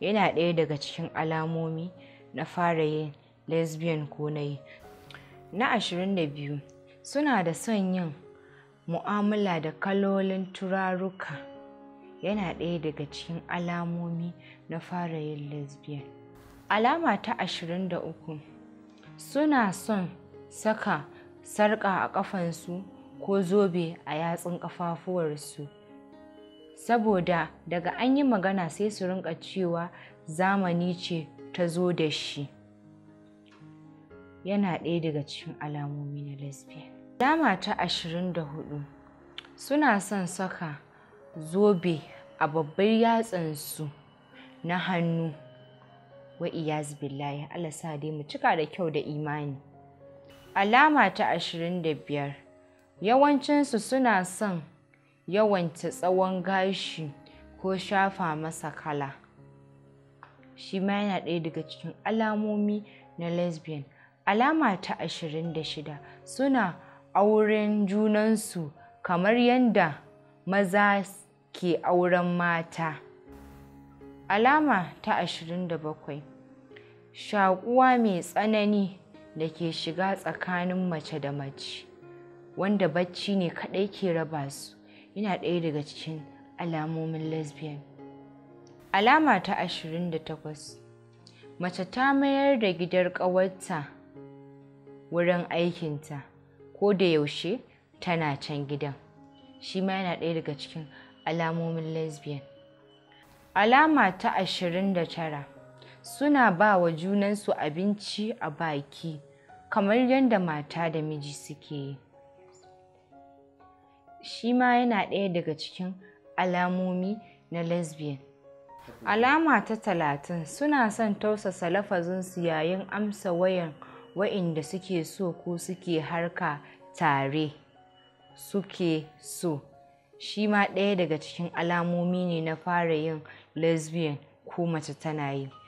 yana ɗaya daga cikin alamomi na fara yin lesbian ko na yi na 22 suna da son yin mu'amala da kalolin turaruka yana ɗaya daga cikin alamomi na fara yin lesbian alama ta 23 suna son saka sarƙa a ƙafansu ko zobe a yatsun ƙafafuwarsu saboda daga an yi magana sai su rinka cewa zamani ce ta zo da shi yana ɗaya daga cikin alamomi na lesbian dama ta 24 suna son saka zobe a babbar yatsansu na hannu wa iyaz billahi Allah sa dai mu cika da kyau da imani alama ta 25 yawancinsu suna son yawanta tsawon gashi ko shafa masa kala shi ma yana ɗaya daga cikin alamomi na lesbian alama ta 26 suna auren junansu kamar yadda maza ke auren mata alama ta 27 shakuwa mai tsanani da ke shiga tsakanin mace da mace wanda bacci ne kaɗai ke raba su yana ɗaya daga cikin alamomin lesbian alama ta 28 mace ta mayar da gidar ƙawarta wurin aikinta ko da yaushe tana can gidan shi ma yana ɗaya daga cikin alamomin lesbian alama ta 29 suna ba wa junansu abinci a baki kamar yadda mata da miji suke yi shi ma yana ɗaya daga cikin alamomi na lesbian. Alama ta talatin suna son tausasa lafazinsu yayin amsa wayan wa'inda suke so ko suke harka tare suke so. Shi ma ɗaya daga cikin alamomi ne na fara yin lesbian ko mace tana yi.